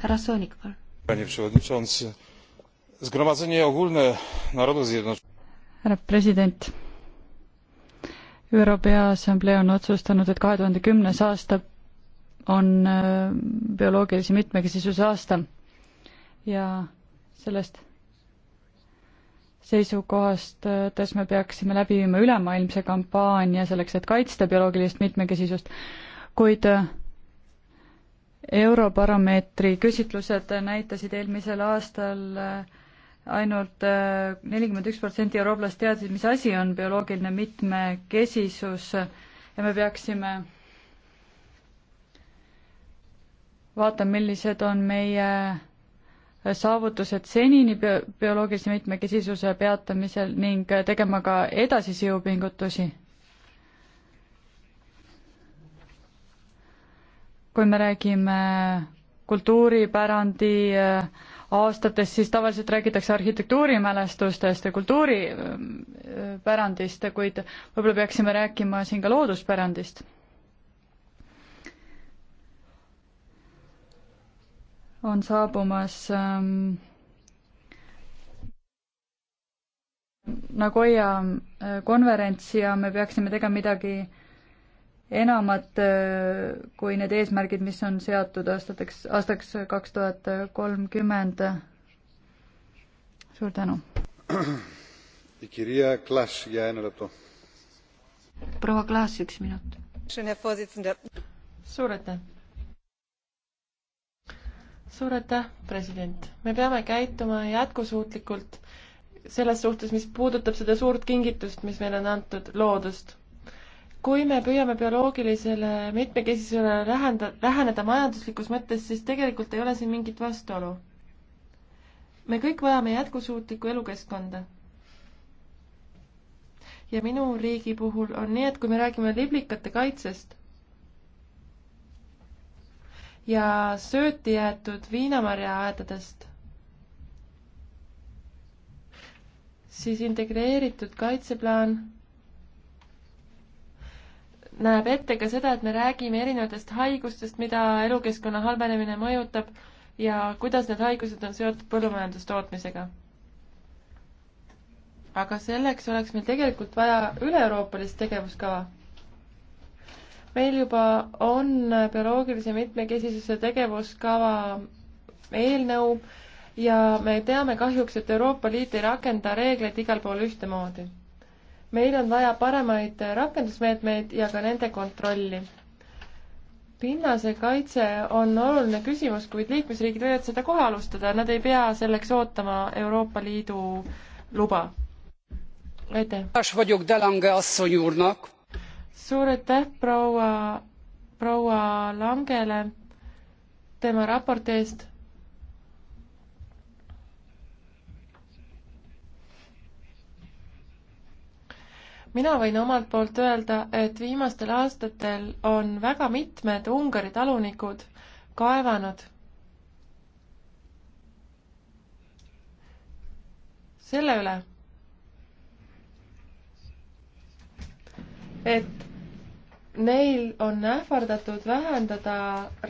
A: härra Soonik, palun
C: panie przewodniczący! zgromadzenie ogólne narodów zjednoczonych
D: ÜRO Peaassamblee on otsustanud, et kahe tuhande kümnes aasta on äh, bioloogilise mitmekesisuse aasta ja sellest seisukohast äh, tõesti me peaksime läbi viima ülemaailmse kampaania selleks, et kaitsta bioloogilist mitmekesisust, kuid äh, Eurobaromeetri küsitlused näitasid eelmisel aastal äh, ainult äh, nelikümmend üks protsenti eurooplast teadsid, mis asi on bioloogiline mitmekesisus ja me peaksime vaatama, millised on meie saavutused senini bioloogilise mitmekesisuse peatamisel ning tegema ka edasisi jõupingutusi kui me räägime kultuuripärandi äh, aastatest, siis tavaliselt räägitakse arhitektuurimälestustest ja kultuuripärandist, kuid võib-olla peaksime rääkima siin ka looduspärandist. on saabumas ähm, Nagoya äh, konverents ja me peaksime tegema midagi äh, enamat äh, kui need eesmärgid, mis on seatud aastateks, aastaks kaks tuhat kolmkümmend. suur tänu.
A: proua Klaas, üks minut. suur aitäh. suur aitäh,
B: president. me peame käituma jätkusuutlikult selles suhtes, mis puudutab seda suurt kingitust, mis meile on antud, loodust kui me püüame bioloogilisele mitmekesisusele läheneda, läheneda majanduslikus mõttes, siis tegelikult ei ole siin mingit vastuolu. me kõik vajame jätkusuutlikku elukeskkonda. ja minu riigi puhul on nii, et kui me räägime liblikate kaitsest ja sööti jäetud viinamarjaaedadest, siis integreeritud kaitseplaan näeb ette ka seda, et me räägime erinevatest haigustest, mida elukeskkonna halvenemine mõjutab ja kuidas need haigused on seotud põllumajandustootmisega. aga selleks oleks meil tegelikult vaja üle-euroopalist tegevuskava. meil juba on bioloogilise mitmekesisuse tegevuskava eelnõu ja me teame kahjuks, et Euroopa Liit ei rakenda reegleid igal pool ühtemoodi meil on vaja paremaid rakendusmeetmeid ja ka nende kontrolli. pinnase kaitse on oluline küsimus, kuid liikmesriigid võivad seda kohe alustada, nad ei pea selleks ootama Euroopa Liidu luba. aitäh! suur aitäh proua, proua Langele tema raporti eest mina võin omalt poolt öelda, et viimastel aastatel on väga mitmed Ungari talunikud kaevanud selle üle, et neil on ähvardatud vähendada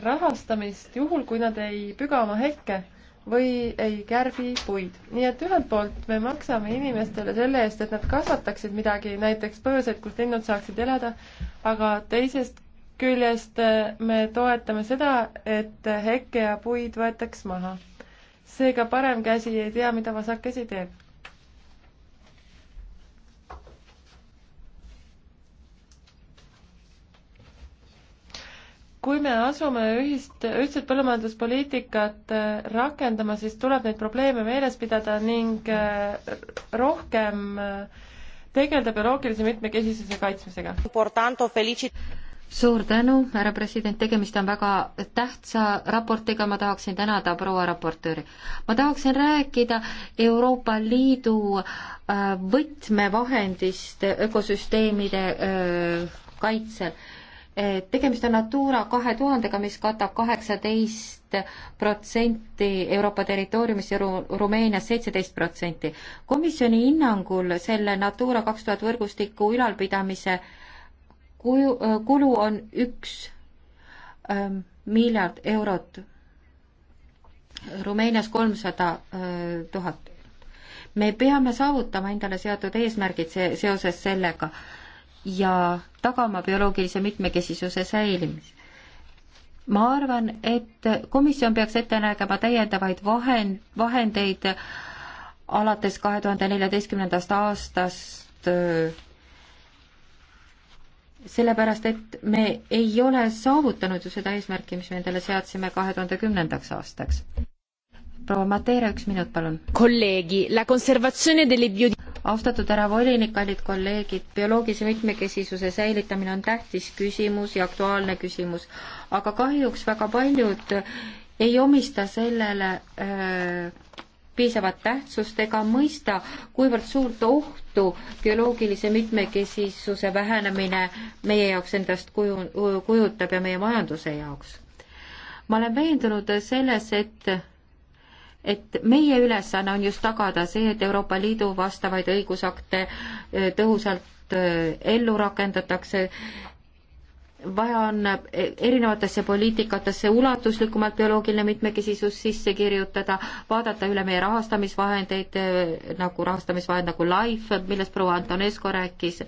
B: rahastamist juhul, kui nad ei püga oma hekke või ei kärbi puid. nii et ühelt poolt me maksame inimestele selle eest, et nad kasvataksid midagi, näiteks põõsaid, kus linnud saaksid elada, aga teisest küljest eh, me toetame seda, et heke ja puid võetaks maha. seega parem käsi ei tea, mida vasak käsi teeb kui me asume ühist, ühtset põllumajanduspoliitikat äh, rakendama, siis tuleb neid probleeme meeles pidada ning äh, rohkem äh, tegeleda bioloogilise mitmekesisuse kaitsmisega.
A: suur tänu, härra president, tegemist on väga tähtsa raportiga, ma tahaksin tänada proua raportööri. ma tahaksin rääkida Euroopa Liidu võtmevahendist ökosüsteemide kaitsel tegemist on Natura kahe tuhandega, mis katab kaheksateist protsenti Euroopa territooriumist ja Ru-, Rumeenias seitseteist protsenti. komisjoni hinnangul selle Natura kaks tuhat võrgustiku ülalpidamise kuju, kulu on üks ähm, miljard eurot, Rumeenias kolmsada äh, tuhat. me peame saavutama endale seatud eesmärgid see, seoses sellega äh, ja tagama bioloogilise mitmekesisuse säilimise. ma arvan, et komisjon peaks ette nägema täiendavaid vahend, vahendeid alates kahe tuhande neljateistkümnendast aastast, äh, sellepärast et me ei ole saavutanud ju seda eesmärki, mis me endale seadsime kahe tuhande kümnendaks aastaks. proua Mateera, üks minut, palun. kolleegi, la conservatsioone delle bio- austatud härra volinik, kallid kolleegid, bioloogilise mitmekesisuse säilitamine on tähtis küsimus ja aktuaalne küsimus, aga kahjuks väga paljud ei omista sellele öö, äh, piisavat tähtsust ega mõista, kuivõrd suurt ohtu bioloogilise mitmekesisuse vähenemine meie jaoks endast kuju, kujutab ja meie majanduse jaoks. ma olen veendunud selles, et et meie ülesanne on just tagada see, et Euroopa Liidu vastavaid õigusakte eh, tõhusalt eh, ellu rakendatakse, vaja on eh, erinevatesse poliitikatesse ulatuslikumalt bioloogiline mitmekesisus sisse kirjutada, vaadata üle meie rahastamisvahendeid, nagu rahastamisvahend nagu LIFE, millest proua Antonescu rääkis,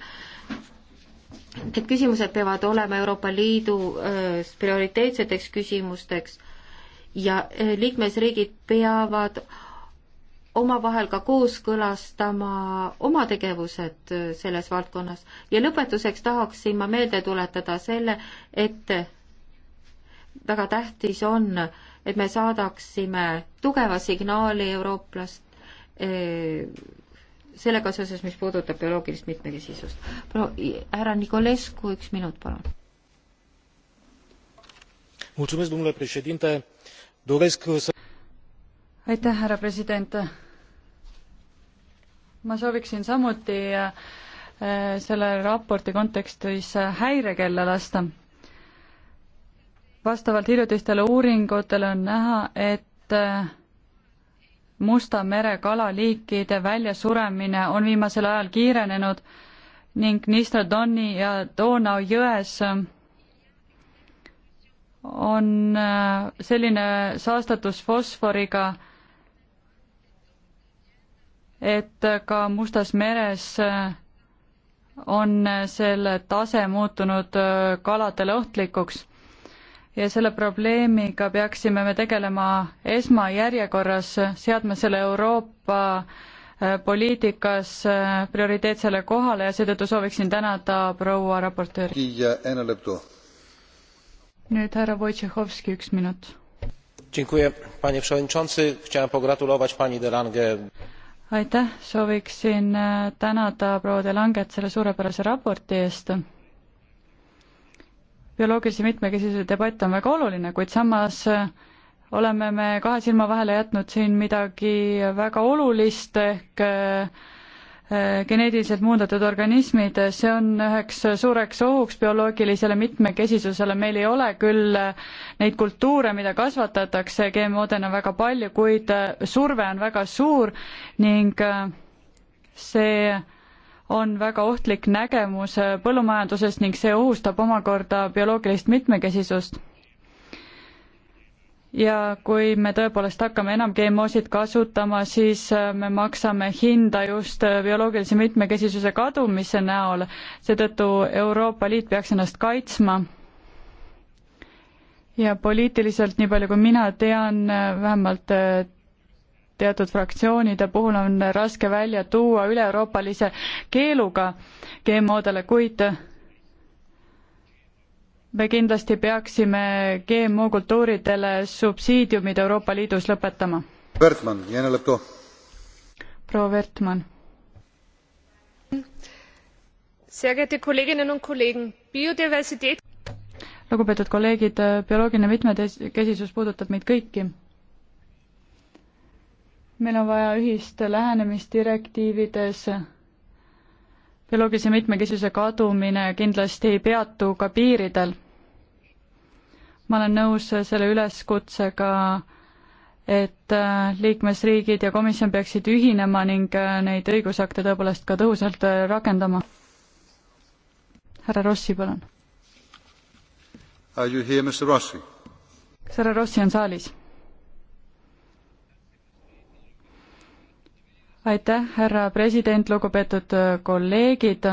A: need küsimused peavad olema Euroopa Liidus prioriteetseteks küsimusteks ja eh, liikmesriigid peavad omavahel ka kooskõlastama oma tegevused eh, selles valdkonnas. ja lõpetuseks tahaksin ma meelde tuletada selle, et väga tähtis on, et me saadaksime tugeva signaali eurooplast eh, sellega seoses, mis puudutab bioloogilist mitmekesisust. proua, härra Nikolescu, üks minut, palun. mulțumesc, domnule președinte doresc să...
D: aitäh, härra president. ma sooviksin samuti äh, selle raporti kontekstis häirekella lasta. vastavalt hiljutistele uuringutele on näha, et äh, Musta mere kalaliikide väljasuremine on viimasel ajal kiirenenud ning Nistradoni ja Donau jões on äh, selline saastatus fosforiga, et ka Mustas meres äh, on selle tase muutunud äh, kaladele ohtlikuks. ja selle probleemiga peaksime me tegelema esmajärjekorras, seadma selle Euroopa poliitikas prioriteetsele kohale ja seetõttu sooviksin tänada proua raportööri nüüd härra Wojciechowski, üks minut. aitäh, sooviksin e, tänada proua De Langet selle suurepärase raporti eest bioloogilise mitmekesisuse debatt on väga oluline, kuid samas e, oleme me kahe silma vahele jätnud siin midagi väga olulist ehk e, Äh, geneetiliselt muundatud organismid, see on üheks suureks ohuks bioloogilisele mitmekesisusele, meil ei ole küll äh, neid kultuure, mida kasvatatakse GMO-dena väga palju, kuid äh, surve on väga suur ning see on väga ohtlik nägemus põllumajandusest ning see ohustab omakorda bioloogilist mitmekesisust ja kui me tõepoolest hakkame enam GMO-sid kasutama, siis äh, me maksame hinda just äh, bioloogilise mitmekesisuse kadumise näol, seetõttu Euroopa Liit peaks ennast kaitsma. ja poliitiliselt, nii palju kui mina tean, äh, vähemalt teatud fraktsioonide puhul on raske välja tuua üle-euroopalise keeluga GMO-dele, kuid me kindlasti peaksime GMO kultuuridele subsiidiumid Euroopa Liidus lõpetama. proua Wertmann. lugupeetud kolleegid, bioloogiline mitmekesisus puudutab meid kõiki. meil on vaja ühist lähenemist direktiivides bioloogilise mitmekesisuse kadumine kindlasti ei peatu ka piiridel ma olen nõus selle üleskutsega, et äh, liikmesriigid ja komisjon peaksid ühinema ning äh, neid õigusakte tõepoolest ka tõhusalt äh, rakendama. härra Rossi, palun.
C: kas
D: härra Rossi on saalis? aitäh, härra president, lugupeetud kolleegid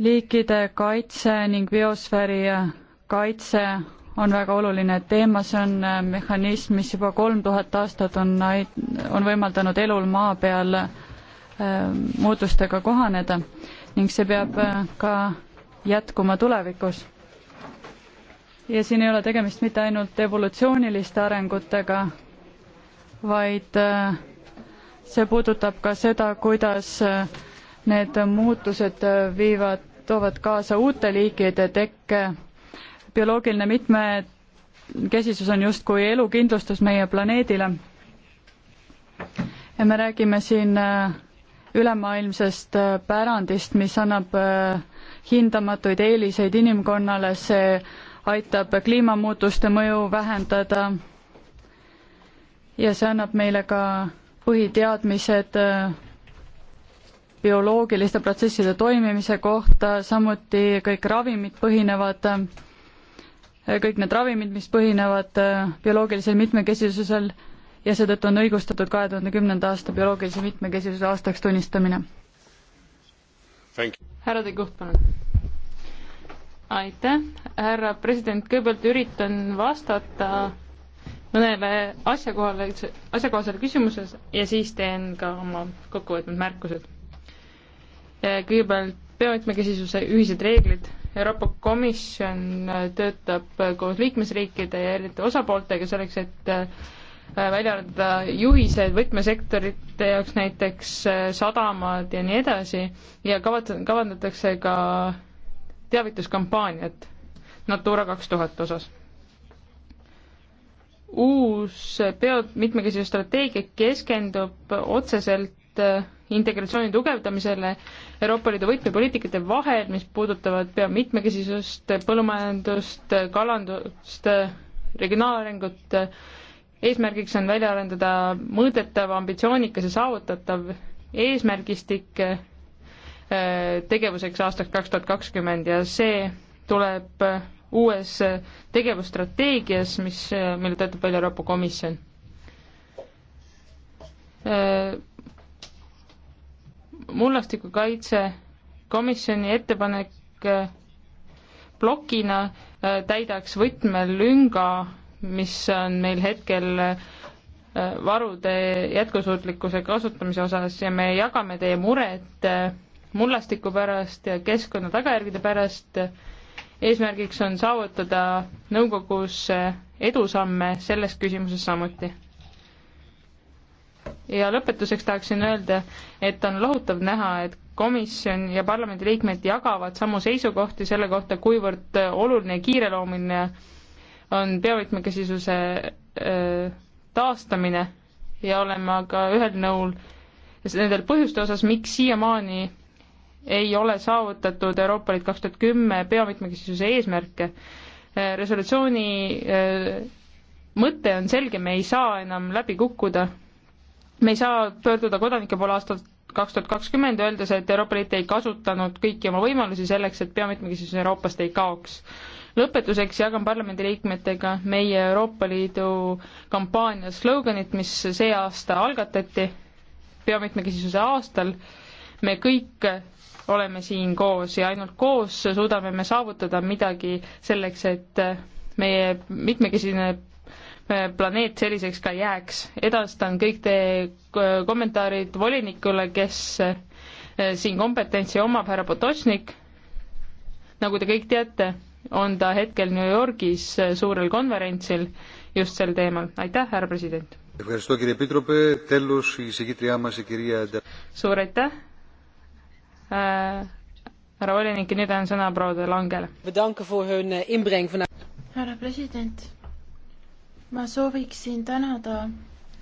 D: liikide kaitse ning biosfääri kaitse on väga oluline teema, see on äh, mehhanism, mis juba kolm tuhat aastat on, on võimaldanud elul maa peal äh, muutustega kohaneda ning see peab äh, ka jätkuma tulevikus. ja siin ei ole tegemist mitte ainult evolutsiooniliste arengutega, vaid äh, see puudutab ka seda, kuidas äh, Need muutused viivad, toovad kaasa uute liikide tekke, bioloogiline mitmekesisus on justkui elukindlustus meie planeedile. ja me räägime siin äh, ülemaailmsest äh, pärandist, mis annab äh, hindamatuid eeliseid inimkonnale, see aitab kliimamuutuste mõju vähendada ja see annab meile ka põhiteadmised bioloogiliste protsesside toimimise kohta, samuti kõik ravimid põhinevad, kõik need ravimid, mis põhinevad bioloogilisel mitmekesisusel ja seetõttu on õigustatud kahe tuhande kümnenda aasta bioloogilise mitmekesisuse aastaks tunnistamine.
C: härra De Kuht, palun. aitäh, härra president, kõigepealt üritan vastata mõnele asjakohale, asjakohasele küsimusele ja siis teen ka oma kokkuvõtvad märkused kõigepealt biomõõtmekesisuse ühised reeglid. Euroopa Komisjon äh, töötab äh, koos liikmesriikide ja erinevate osapooltega selleks, et äh, välja arendada juhised võtmesektorite jaoks, näiteks sadamad ja nii edasi ja kavat-, kavandatakse ka teavituskampaaniat Natura kaks tuhat osas. uus bio-, mitmekesisuse strateegia keskendub otseselt et äh, integratsiooni tugevdamisele Euroopa Liidu võtmepoliitikate vahel, mis puudutavad pea mitmekesisust, põllumajandust, kalandust, äh, regionaalarengut, äh, eesmärgiks on välja arendada mõõdetav, ambitsioonikas ja saavutatav eesmärgistik tegevuseks aastaks kaks tuhat kakskümmend ja see tuleb uues tegevusstrateegias, mis, mille töötab välja Euroopa Komisjon mullastikukaitse komisjoni ettepanek eh, plokina eh, täidaks võtmelünga, mis on meil hetkel eh, varude jätkusuutlikkuse kasutamise osas ja me jagame teie muret mullastiku pärast ja keskkonna tagajärgede pärast. eesmärgiks on saavutada nõukogus edusamme selles küsimuses samuti ja lõpetuseks tahaksin öelda, et on lohutav näha, et komisjon ja parlamendiliikmed jagavad samu seisukohti selle kohta, kuivõrd äh, oluline ja kiireloomuline on biovõtmekesisuse äh, taastamine ja olema ka ühel nõul nendel põhjuste osas, miks siiamaani ei ole saavutatud Euroopa Liit kaks tuhat kümme biovõtmekesisuse eesmärke. Äh, resolutsiooni mõte on selge, me ei saa enam läbi kukkuda me ei saa pöörduda kodanike poole aastal kaks tuhat kakskümmend, öeldes, et Euroopa Liit ei kasutanud kõiki oma võimalusi selleks, et peamitmekesisus Euroopast ei kaoks. lõpetuseks jagan parlamendiliikmetega meie Euroopa Liidu kampaania sloganit, mis see aasta algatati, peamitmekesisuse aastal, me kõik oleme siin koos ja ainult koos suudame me saavutada midagi selleks, et meie mitmekesine planeet selliseks ka jääks. edastan kõik teie äh, kommentaarid volinikule, kes äh, siin kompetentsi omab, härra Potočnik. nagu te kõik teate, on ta hetkel New Yorgis äh, suurel konverentsil just sel teemal. aitäh, härra president! suur aitäh äh,! härra volinik ja nüüd annan sõna proua De Langele. härra president
E: ma sooviksin tänada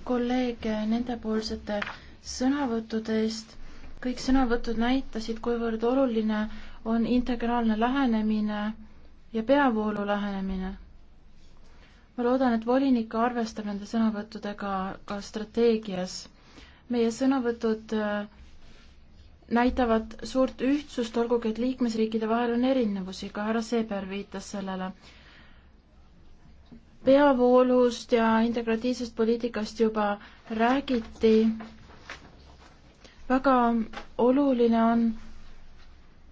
E: kolleege nendepoolsete sõnavõttude eest. kõik sõnavõtud näitasid, kuivõrd oluline on integraalne lähenemine ja peavoolu lähenemine. ma loodan, et volinik arvestab nende sõnavõttudega ka strateegias. meie sõnavõtud äh, näitavad suurt ühtsust, olgugi et liikmesriikide vahel on erinevusi, ka härra Seeber viitas sellele peavoolust ja integratiivsest poliitikast juba räägiti. väga oluline on,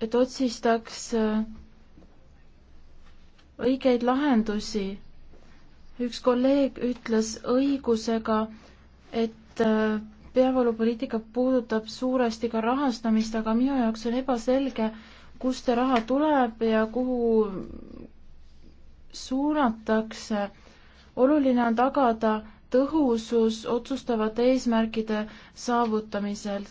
E: et otsistaks äh, õigeid lahendusi. üks kolleeg ütles õigusega, et äh, peavoolupoliitika puudutab suuresti ka rahastamist, aga minu jaoks on ebaselge, kust see raha tuleb ja kuhu suunatakse oluline on tagada tõhusus otsustavate eesmärkide saavutamisel.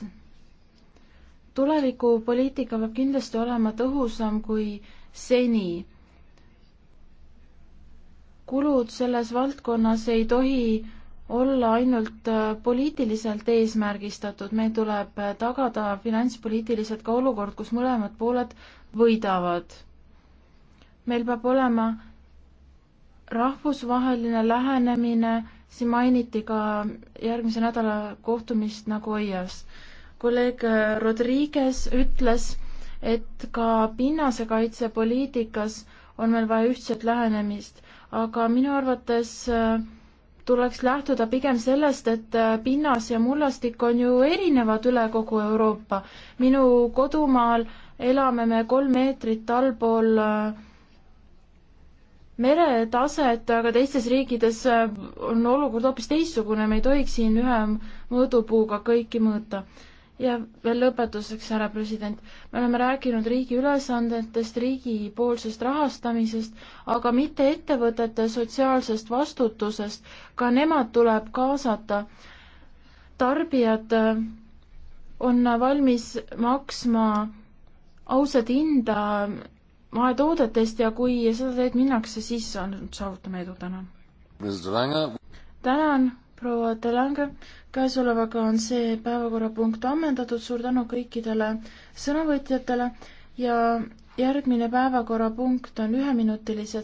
E: tulevikupoliitika peab kindlasti olema tõhusam kui seni. kulud selles valdkonnas ei tohi olla ainult äh, poliitiliselt eesmärgistatud, meil tuleb äh, tagada finantspoliitiliselt ka olukord, kus mõlemad pooled võidavad. meil peab olema rahvusvaheline lähenemine, siin mainiti ka järgmise nädala kohtumist Nagoyas. kolleeg Rodriguez ütles, et ka pinnasekaitsepoliitikas on meil vaja ühtset lähenemist, aga minu arvates äh, tuleks lähtuda pigem sellest, et äh, pinnas ja mullastik on ju erinevad üle kogu Euroopa. minu kodumaal elame me kolm meetrit allpool äh, meretaset, aga teistes riikides äh, on olukord hoopis teistsugune, me ei tohiks siin ühe mõõdupuuga kõiki mõõta. ja veel lõpetuseks, härra president, me oleme rääkinud riigi ülesandetest, riigipoolsest rahastamisest, aga mitte ettevõtete sotsiaalsest vastutusest, ka nemad tuleb kaasata. tarbijad äh, on valmis maksma ausat hinda mahetoodetest ja kui seda teed minnakse, siis on, saavutame edu, tänan. tänan, proua Delange. käesolevaga on see päevakorrapunkt ammendatud, suur tänu kõikidele sõnavõtjatele ja järgmine päevakorrapunkt on üheminutilised